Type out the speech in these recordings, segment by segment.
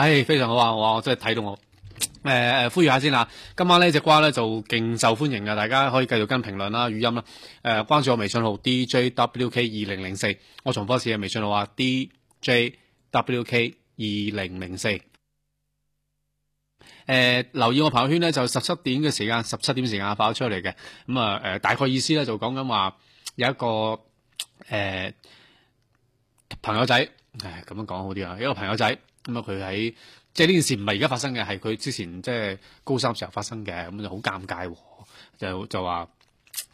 唉、哎，非常好啊！我我真係睇到我，誒、呃、誒，呼籲下先啦。今晚呢隻瓜咧就勁受歡迎嘅，大家可以繼續跟評論啦、語音啦，誒、呃，關注我微信號 D J W K 二零零四，我重複一次啊，微信號啊 D J W K 二零零四。誒，留意我朋友圈呢，就十七點嘅時間，十七點時間發咗出嚟嘅。咁、呃、啊，誒、呃，大概意思咧就講緊話有一個誒、呃、朋友仔，唉，咁樣講好啲啊，一個朋友仔。咁啊，佢喺、嗯、即係呢件事唔係而家發生嘅，係佢之前即係高三時候發生嘅，咁就好尷尬、哦，就就話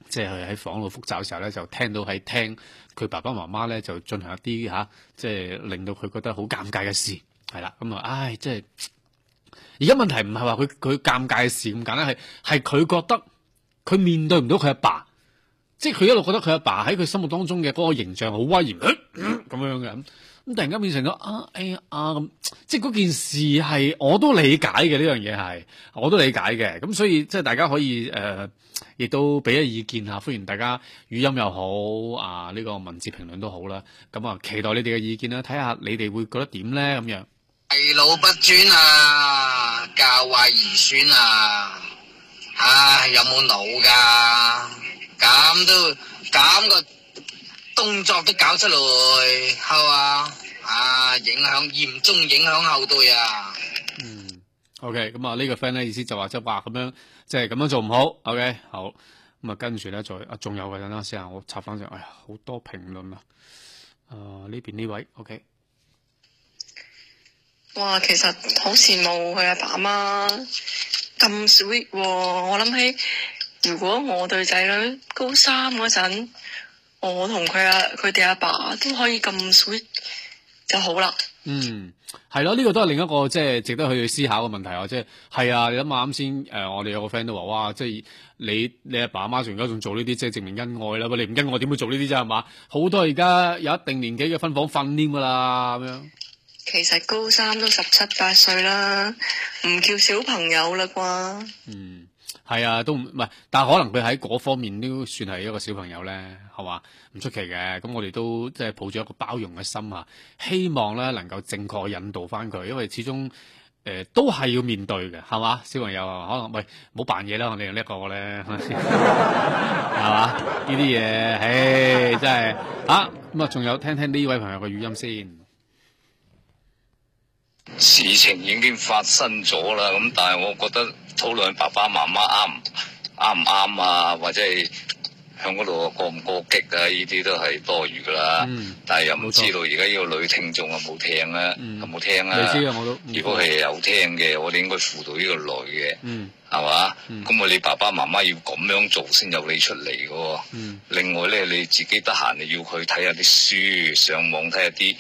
即係佢喺房度複習嘅時候咧，就聽到喺聽佢爸爸媽媽咧就進行一啲吓、啊，即係令到佢覺得好尷尬嘅事，係啦，咁、嗯、啊，唉、哎，即係而家問題唔係話佢佢尷尬嘅事咁簡單，係係佢覺得佢面對唔到佢阿爸，即係佢一路覺得佢阿爸喺佢心目當中嘅嗰個形象好威嚴咁樣嘅。咁突然間變成咗啊哎呀啊，咁，即係嗰件事係我都理解嘅呢樣嘢係，我都理解嘅。咁所以即係大家可以誒，亦、呃、都俾啲意見啊，歡迎大家語音又好啊，呢、這個文字評論都好啦。咁啊，期待你哋嘅意見啦，睇下你哋會覺得點咧咁樣。為老不尊啊，教壞兒孫啊，啊，有冇腦噶？咁都咁個。動作都搞出來，係嘛？啊，影響嚴重影響後代啊！嗯，OK，咁啊呢個 friend 咧意思就話即係話咁樣，即係咁樣做唔好。OK，好，咁啊跟住咧再啊，仲有嘅，等下先啊，我插翻上，哎呀，好多評論啊！啊呢邊呢位，OK，哇，其實好羨慕佢阿爸阿媽咁 sweet，我諗起如果我對仔女高三嗰陣。我同佢阿佢哋阿爸都可以咁 sweet 就好啦。嗯，係咯，呢個都係另一個即係值得去思考嘅問題啊，即係係啊，你諗下啱先，誒、呃，我哋有個 friend 都話，哇，即係你你阿爸阿媽仲而家仲做呢啲，即係證明恩愛啦。你唔恩愛我點會做呢啲啫？係嘛，好多而家有一定年紀嘅分房瞓 n 嘅啦，咁樣。其實高三都十七八歲啦，唔叫小朋友啦啩。嗯。係啊，都唔唔係，但係可能佢喺嗰方面都算係一個小朋友咧，係嘛，唔出奇嘅。咁我哋都即係抱住一個包容嘅心啊，希望咧能夠正確引導翻佢，因為始終誒、呃、都係要面對嘅，係嘛，小朋友可能唔係冇扮嘢啦，我哋呢個咧，係嘛呢啲嘢，唉真係啊咁啊，仲有聽聽呢位朋友嘅語音先。事情已經發生咗啦，咁但係我覺得討論爸爸媽媽啱啱唔啱啊，或者係向嗰度過唔過激啊？呢啲都係多餘噶啦。嗯、但係又唔知道而家呢個女聽眾有冇聽啊，嗯、有冇聽啊？聽如果係有聽嘅，我哋應該輔導呢個女嘅，係嘛？咁啊，你爸爸媽媽要咁樣做先有你出嚟噶。嗯、另外呢，你自己得閒你要去睇下啲書，上網睇下啲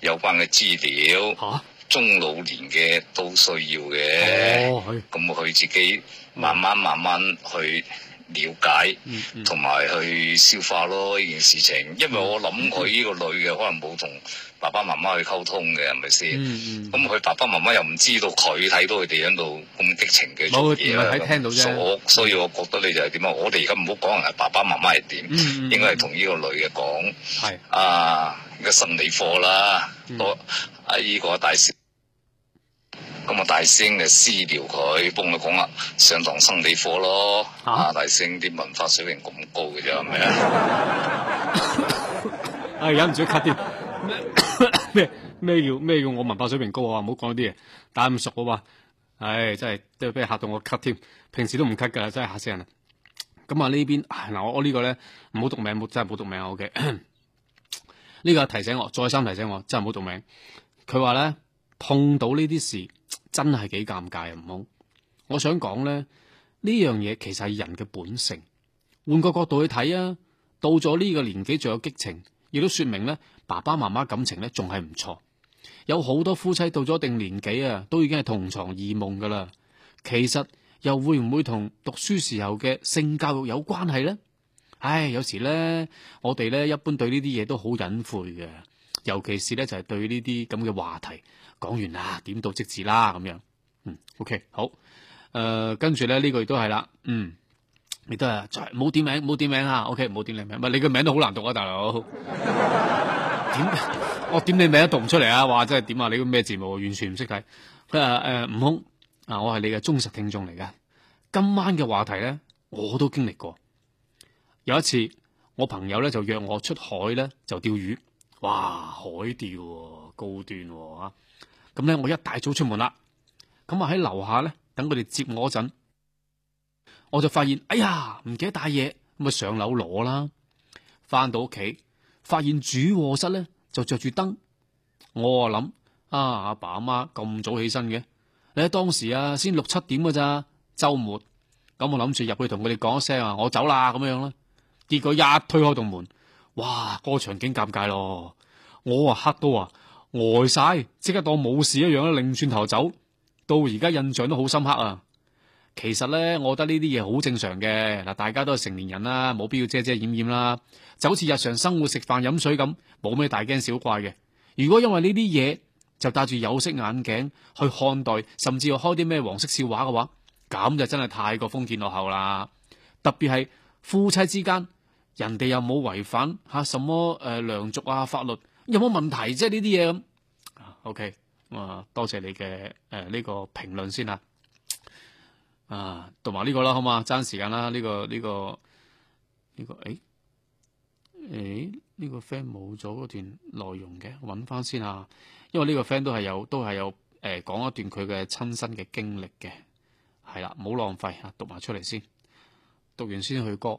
有關嘅資料。啊中老年嘅都需要嘅，咁佢自己慢慢慢慢去了解，同埋去消化咯呢件事情。因為我諗佢呢個女嘅可能冇同爸爸媽媽去溝通嘅，係咪先？咁佢爸爸媽媽又唔知道佢睇到佢哋喺度咁激情嘅做嘢啊！所所以，我覺得你就係點啊？我哋而家唔好講人哋爸爸媽媽係點，應該係同呢個女嘅講係啊，而家心理課啦，多啊，姨個大少。咁啊！大聲就私聊佢，幫佢講啊，上堂生理課咯。啊，啊！大聲啲文化水平咁高嘅啫，係咪啊？啊 、哎！忍唔住 cut 添咩咩咩叫咩叫我文化水平高啊？唔好講啲嘢，但係唔熟啊嘛。唉、哎，真係都俾嚇到我 cut 添。平時都唔 cut 㗎，真係嚇死人啊！咁啊，啊呢邊嗱我我呢個咧唔好讀名，真係唔好讀名。OK，呢個提醒我，再三提醒我，真係唔好讀名。佢話咧。碰到呢啲事真係幾尷尬啊！唔好，我想講呢，呢樣嘢其實係人嘅本性。換個角度去睇啊，到咗呢個年紀仲有激情，亦都說明呢，爸爸媽媽感情呢，仲係唔錯。有好多夫妻到咗一定年紀啊，都已經係同床異夢噶啦。其實又會唔會同讀書時候嘅性教育有關係呢？唉，有時呢，我哋呢一般對呢啲嘢都好隱晦嘅，尤其是呢，就係、是、對呢啲咁嘅話題。講完啦，點到即止啦，咁樣，嗯，OK，好，誒、呃，跟住咧，呢個亦都係啦，嗯，你都係冇點名，冇點名啊，OK，冇點你名，唔係你個名都好難讀啊，大佬、 哦，點我點你名都讀唔出嚟，啊，哇，真係點啊，你個咩節目，完全唔識睇，佢話誒，悟、呃、空啊、呃，我係你嘅忠實聽眾嚟嘅，今晚嘅話題咧，我都經歷過。有一次我朋友咧就約我出海咧就釣魚，哇，海釣、啊、高端啊！咁咧，我一大早出門啦，咁啊喺樓下咧等佢哋接我嗰陣，我就發現哎呀唔記得帶嘢，咁啊上樓攞啦。翻到屋企，發現主臥室咧就着住燈，我啊諗啊阿爸阿媽咁早起身嘅，你喺當時啊先六七點㗎咋，周末。咁我諗住入去同佢哋講一聲啊，我走啦咁樣啦。結果一推開棟門，哇，個場景尷尬咯，我啊黑到啊！呆晒，即刻當冇事一樣啦，擰轉頭走到而家印象都好深刻啊！其實呢，我覺得呢啲嘢好正常嘅嗱，大家都係成年人啦，冇必要遮遮掩掩啦，就好似日常生活食飯飲水咁，冇咩大驚小怪嘅。如果因為呢啲嘢就戴住有色眼鏡去看待，甚至要開啲咩黃色笑話嘅話，咁就真係太過封建落後啦！特別係夫妻之間，人哋又冇違反吓什麼誒良俗啊法律。有冇問題啫？呢啲嘢咁。OK，咁啊，多謝你嘅誒呢個評論先啦。啊，讀埋呢個啦，好嘛？爭時間啦，呢個呢個呢個。誒誒，呢個 friend 冇咗嗰段內容嘅，揾翻先啊。因為呢個 friend 都係有，都係有誒、呃、講一段佢嘅親身嘅經歷嘅。係啦，唔好浪費啊，讀埋出嚟先，讀完先去歌。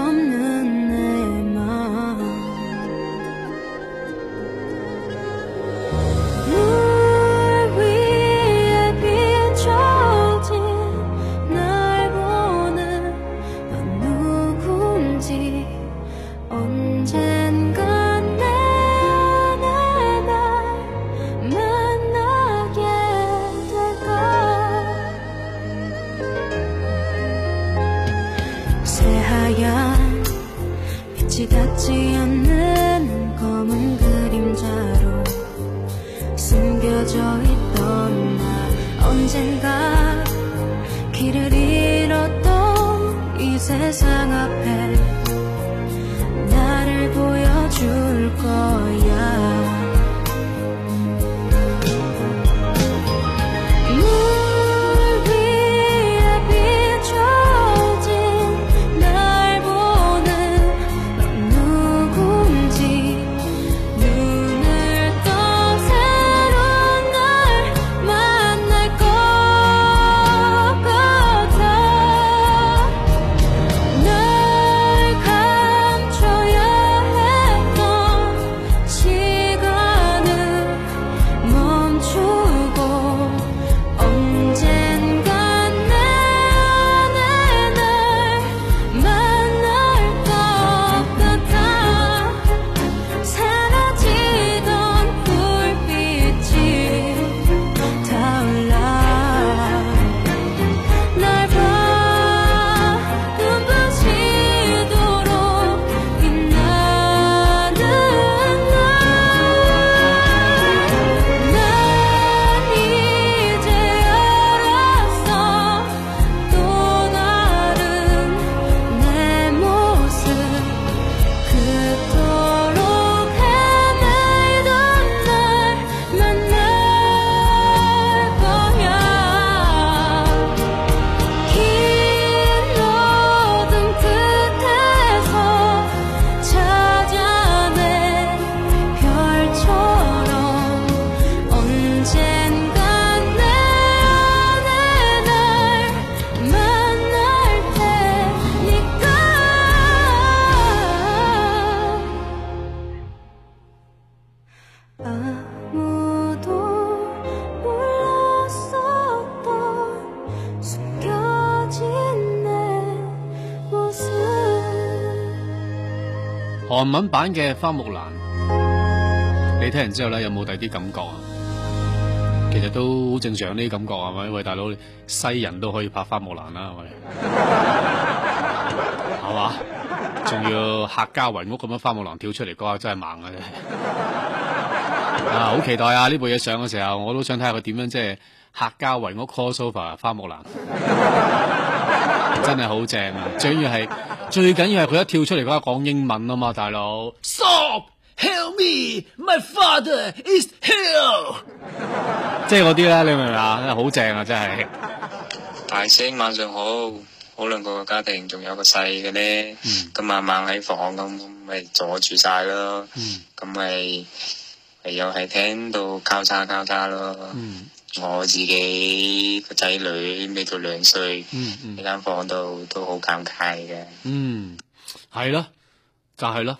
文文版嘅花木蘭，你聽完之後咧有冇第啲感覺啊？其實都好正常呢啲感覺係咪？喂，大佬，西人都可以拍花木蘭啦，啊，係咪？係嘛？仲要客家圍屋咁樣花木蘭跳出嚟，嗰下真係猛嘅啫！啊，好期待啊！呢部嘢上嘅時候，我都想睇下佢點樣即係客家圍屋 cover 花木蘭。 真係好正，最緊要係最緊要係佢一跳出嚟嗰刻講英文啊嘛，大佬。Stop! Help me, my father is hell。即係嗰啲咧，你明唔明啊？好正啊，真係。大聲晚上好，好兩個家庭，仲有個細嘅呢。咁晚晚喺房咁，咪阻住晒、嗯就是、咯。嗯。咁咪，又係廳度靠撐靠撐咯。嗯。我自己個仔女未到兩歲，呢間房度都好尷尬嘅。嗯，係咯、嗯，就係、是、咯。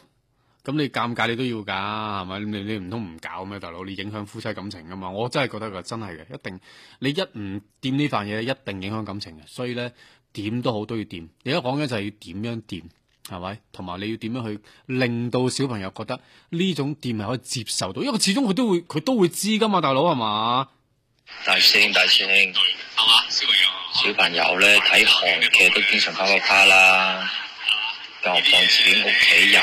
咁你尷尬你都要噶係咪？你你唔通唔搞咩？大佬，你影響夫妻感情噶嘛？我真係覺得噶，真係嘅，一定你一唔掂呢份嘢，一定影響感情嘅。所以咧，掂都好都要掂。而家講緊就係點樣掂，係咪？同埋你要點樣去令到小朋友覺得呢種掂係可以接受到？因為始終佢都會佢都，都會知噶嘛，大佬係嘛？大師兄，大師兄，係嘛？小朋友咧睇韓劇都經常翻個卡啦，更何況自己屋企人。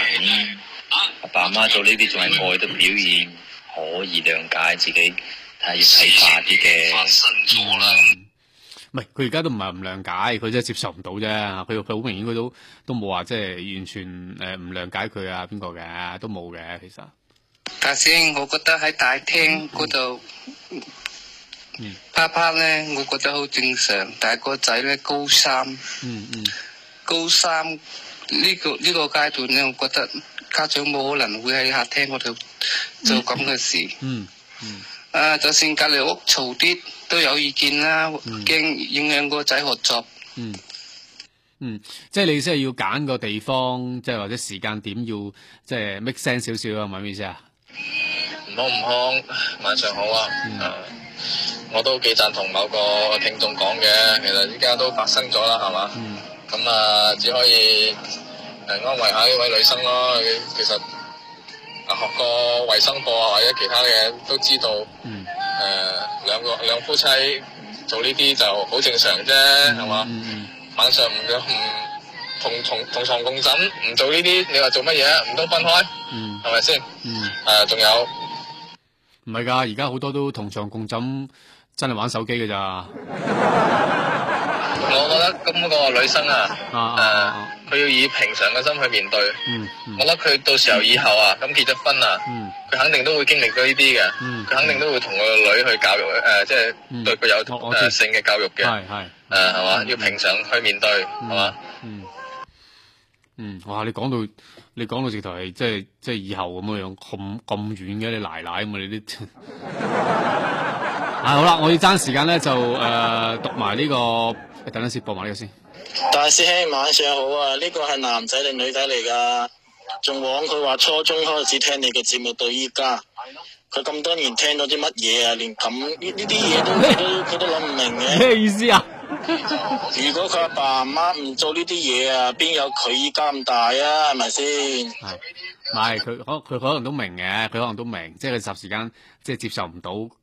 阿爸阿媽做呢啲仲係愛的表現，可以諒解自己睇化啲嘅。唔係佢而家都唔係唔諒解，佢真係接受唔到啫。佢佢好明顯，佢都都冇話即係完全誒唔諒解佢啊，邊個嘅都冇嘅。其實大師兄，我覺得喺大廳嗰度。嗯啪啪咧，我覺得好正常。但係個仔咧高三，嗯嗯，嗯高三呢、呢個呢、呢個階段咧，我覺得家長冇可能會喺客廳嗰度做咁嘅事。嗯嗯。啊、嗯，嗯 uh, 就算隔籬屋嘈啲，都有意見啦，驚、嗯、影響個仔學習。嗯嗯，即係你即係要揀個地方，即係或者時間點要即係搣聲少少啊？係咪咩意思啊。唔好唔好，晚上好啊。我都幾贊同某個聽眾講嘅，其實依家都發生咗啦，係嘛？咁啊、嗯嗯，只可以誒安慰下呢位女生咯。其實啊，學過衞生課啊或者其他嘅都知道，誒兩、嗯呃、個兩夫妻做呢啲就好正常啫，係嘛、嗯嗯嗯？晚上唔唔同，同床同牀共枕，唔做呢啲，你話做乜嘢？唔都分開，係咪先？誒仲、嗯啊、有唔係㗎？而家好多都同床共枕。真係玩手機嘅咋？我覺得咁個女生啊，誒，佢要以平常嘅心去面對。嗯，我覺得佢到時候以後啊，咁結咗婚啊，佢肯定都會經歷到呢啲嘅。佢肯定都會同個女去教育誒，即係對佢有通性嘅教育嘅。係係誒，係嘛？要平常去面對，係嘛？嗯嗯哇！你講到你講到直頭係即係即係以後咁樣樣咁咁遠嘅你奶奶咁，你啲。啊，好啦，我要爭時間咧，就誒、呃、讀埋呢個，等陣，先播埋呢個先。大師兄晚上好啊！呢個係男仔定女仔嚟噶？仲枉佢話初中開始聽你嘅節目到依家，佢咁多年聽到啲乜嘢啊？連咁呢啲嘢都佢都佢 都諗唔明嘅。咩意思啊？ 如果佢阿爸阿媽唔做呢啲嘢啊，邊有佢依家咁大啊？係咪先？係，唔係佢可佢可能都明嘅，佢可能都明，即係佢霎時間即係接受唔到。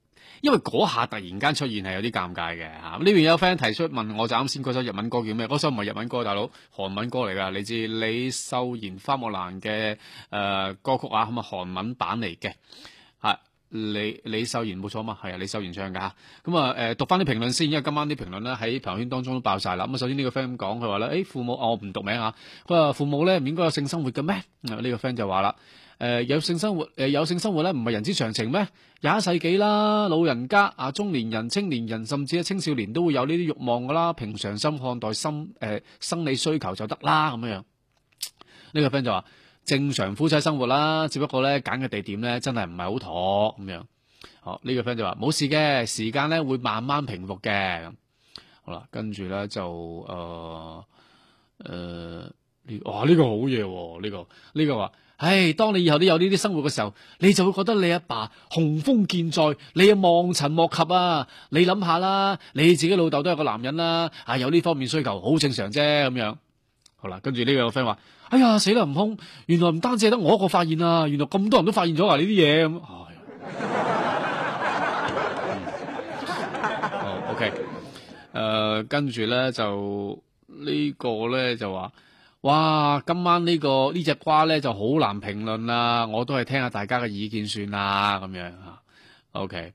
因為嗰下突然間出現係有啲尷尬嘅吓，呢邊有 friend 提出問我就啱先嗰首日文歌叫咩？嗰首唔係日文歌，大佬，韓文歌嚟噶，嚟自李秀賢花木蘭嘅誒、呃、歌曲啊，咁啊韓文版嚟嘅係。李李秀賢冇錯啊，係啊，李秀賢唱嘅哈。咁啊，誒，讀翻啲評論先，因為今晚啲評論咧喺朋友圈當中都爆晒啦。咁啊，首先呢個 friend 講，佢話咧，誒、哎，父母，哦、我唔讀名啊。佢話父母咧唔應該有性生活嘅咩？呢、這個 friend 就話啦，誒、呃，有性生活，誒、呃，有性生活咧唔係人之常情咩？廿一世紀啦，老人家啊，中年人、青年人，甚至係青少年都會有呢啲欲望噶啦。平常心看待心，誒、呃，生理需求就得啦，咁樣樣。呢、這個 friend 就話。正常夫妻生活啦，只不過咧揀嘅地點咧真係唔係好妥咁樣。哦，呢個 friend 就話冇事嘅，時間咧會慢慢平復嘅。咁好啦，跟住咧就誒誒，哇呢個好嘢，呢個呢個話，唉，當你以後都有呢啲生活嘅時候，你就會覺得你阿爸雄風健在，你望塵莫及啊！你諗下啦，你自己老豆都係個男人啦，啊有呢方面需求，好正常啫咁樣。跟住呢個 friend 話：哎呀，死啦，唔空！原來唔單止係得我一個發現啊，原來咁多人都發現咗啊，呢啲嘢咁。o k 誒，跟住咧就、這個、呢個咧就話，哇，今晚、這個這個、呢個呢隻瓜咧就好難評論啦，我都係聽下大家嘅意見算啦，咁樣啊。OK，誒、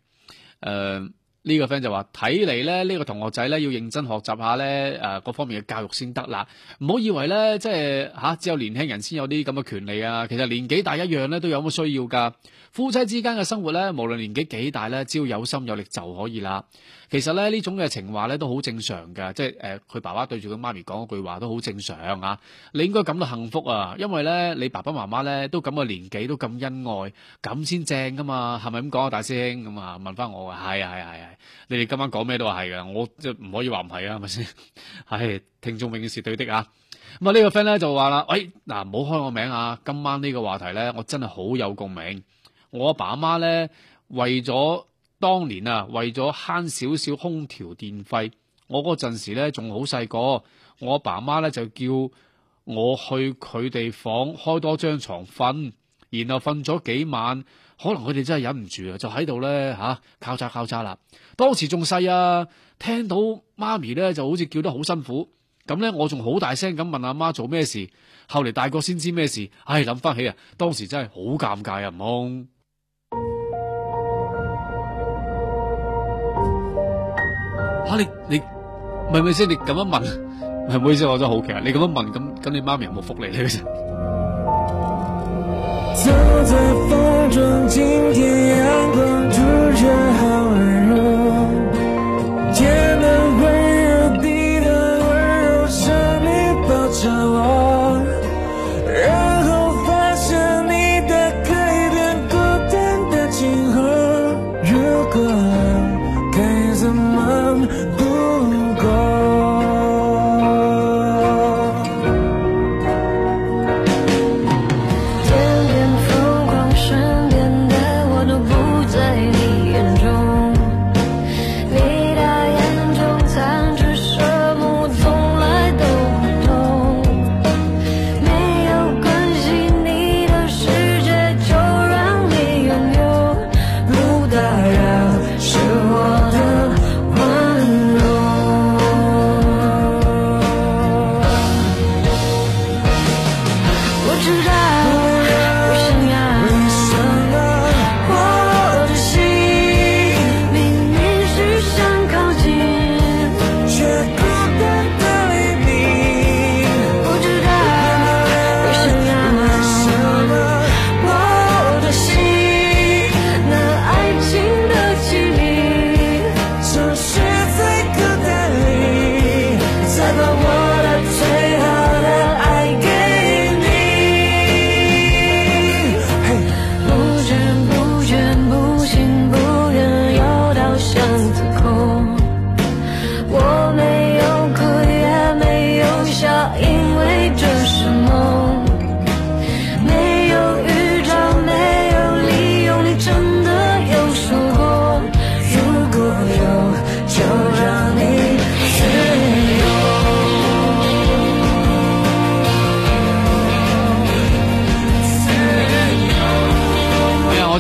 呃。個，呢個 friend 就話：睇嚟咧，呢個同學仔咧要認真學習下咧，誒、呃、各方面嘅教育先得啦。唔好以為咧，即係嚇、啊、只有年輕人先有啲咁嘅權利啊。其實年紀大一樣咧，都有乜需要噶。夫妻之間嘅生活咧，無論年紀幾大咧，只要有心有力就可以啦。其實咧，呢種嘅情話咧都好正常嘅，即係誒，佢、呃、爸爸對住佢媽咪講嗰句話都好正常啊。你應該感到幸福啊，因為咧你爸爸媽媽咧都咁嘅年紀都咁恩愛，咁先正噶嘛？係咪咁講啊，大師兄咁啊？問翻我啊，係啊係啊，係啊，你哋今晚講咩都話係噶，我即唔可以話唔係啊，係咪先？唉、 哎，聽眾永遠是對的啊。咁、哎、啊呢個 friend 咧就話啦，喂嗱，唔好開我名啊。今晚呢個話題咧，我真係好有共鳴。我阿爸阿媽咧，為咗當年啊，為咗慳少少空調電費，我嗰陣時咧仲好細個，我阿爸阿媽咧就叫我去佢哋房開多張床瞓，然後瞓咗幾晚，可能佢哋真係忍唔住啊，就喺度呢，嚇敲渣敲渣啦。當時仲細啊，聽到媽咪呢就好似叫得好辛苦，咁呢，我仲好大聲咁問阿媽做咩事？後嚟大個先知咩事。唉，諗翻起啊，當時真係好尷尬啊，唔好。啊！你你，係咪先？你咁樣問，係唔好意思，我真係好奇啊！你咁樣問，咁咁，你媽咪有冇復你咧？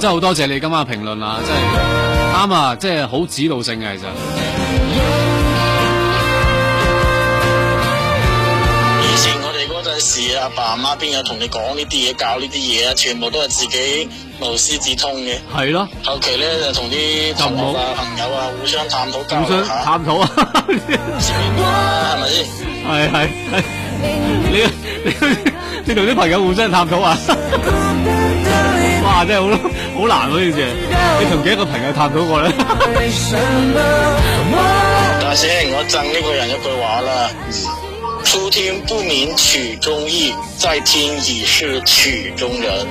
真係好多謝你今晚嘅評論啦！真係啱啊，即係好指導性嘅其實。以前我哋嗰陣時，阿爸阿媽邊有同你講呢啲嘢，教呢啲嘢啊？全部都係自己無師自通嘅。係咯、啊。後期咧就同啲同學啊、朋友啊互相探討交流下。互相探討啊！係咪先？係係係。你你你同啲朋友互相探討啊！ 哇，真係好咯，好難咯呢件事。你同幾多個朋友探討過呢？ 大師，我憎呢個人一句話啦：初聽不明曲中意，再聽已是曲中人。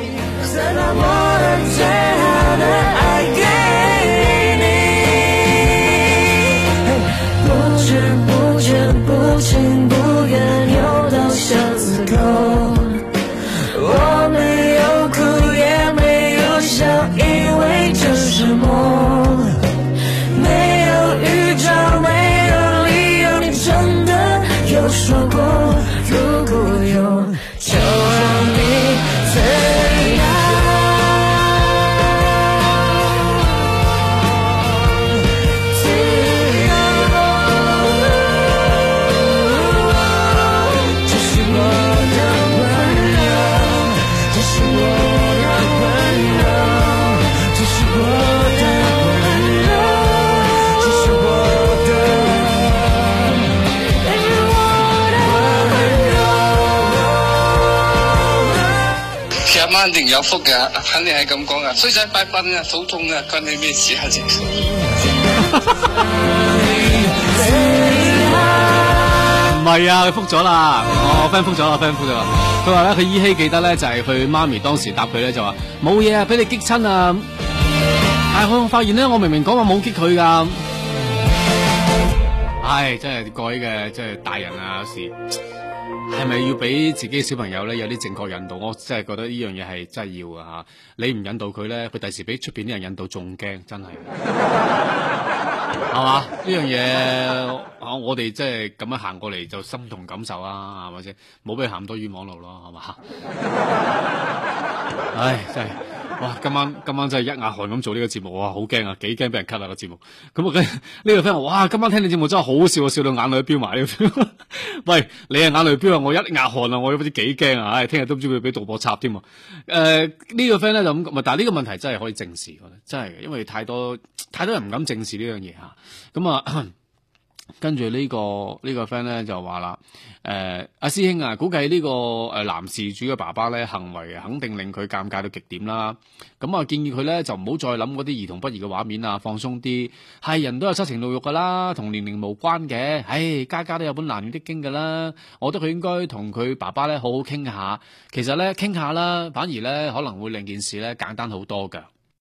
肯定有福嘅，肯定係咁講噶。衰仔快瞓啦，肚痛啊，關你咩事啊？唔係啊，佢覆咗啦，我 friend 覆咗，我 friend 覆咗。佢話咧，佢依稀記得咧，就係佢媽咪當時答佢咧，就話冇嘢啊，俾你激親啊。但係我發現咧，我明明講話冇激佢噶。唉，真係改嘅，真係大人啊，有時。係咪要俾自己小朋友咧有啲正確引導？我真係覺得呢樣嘢係真係要噶嚇、啊，你唔引導佢咧，佢第時俾出面啲人引導仲驚，真係，係嘛？ 呢樣嘢啊，我哋即係咁樣行過嚟就心同感受啊，係咪先？冇俾佢行多冤枉路咯，係嘛？ 唉，真係。哇！今晚今晚真係一眼汗咁做呢個節目，哇！好驚啊，幾驚俾人 cut 啊，這個節目。咁 啊，呢個 friend，哇！今晚聽你節目真係好笑，笑到眼淚都飆埋。呢、這、喂、個， 你係眼淚飆啊，我一眼汗啊，我不、哎、都唔知幾驚啊！唉、呃，聽日都唔知會唔會俾導播插添。誒，呢個 friend 咧就咁，但係呢個問題真係可以正視，我覺得真係，因為太多太多人唔敢正視呢樣嘢吓。咁啊。跟住、這個這個、呢個呢個 friend 咧就話啦，誒阿、啊、師兄啊，估計呢個誒男事主嘅爸爸咧，行為肯定令佢尷尬到極點啦。咁、嗯、啊建議佢咧就唔好再諗嗰啲兒童不宜嘅畫面啊，放鬆啲。係、哎、人都有七情六欲㗎啦，同年齡無關嘅。唉、哎，家家都有本難念的經㗎啦。我覺得佢應該同佢爸爸咧好好傾下。其實咧傾下啦，反而咧可能會令件事咧簡單好多㗎。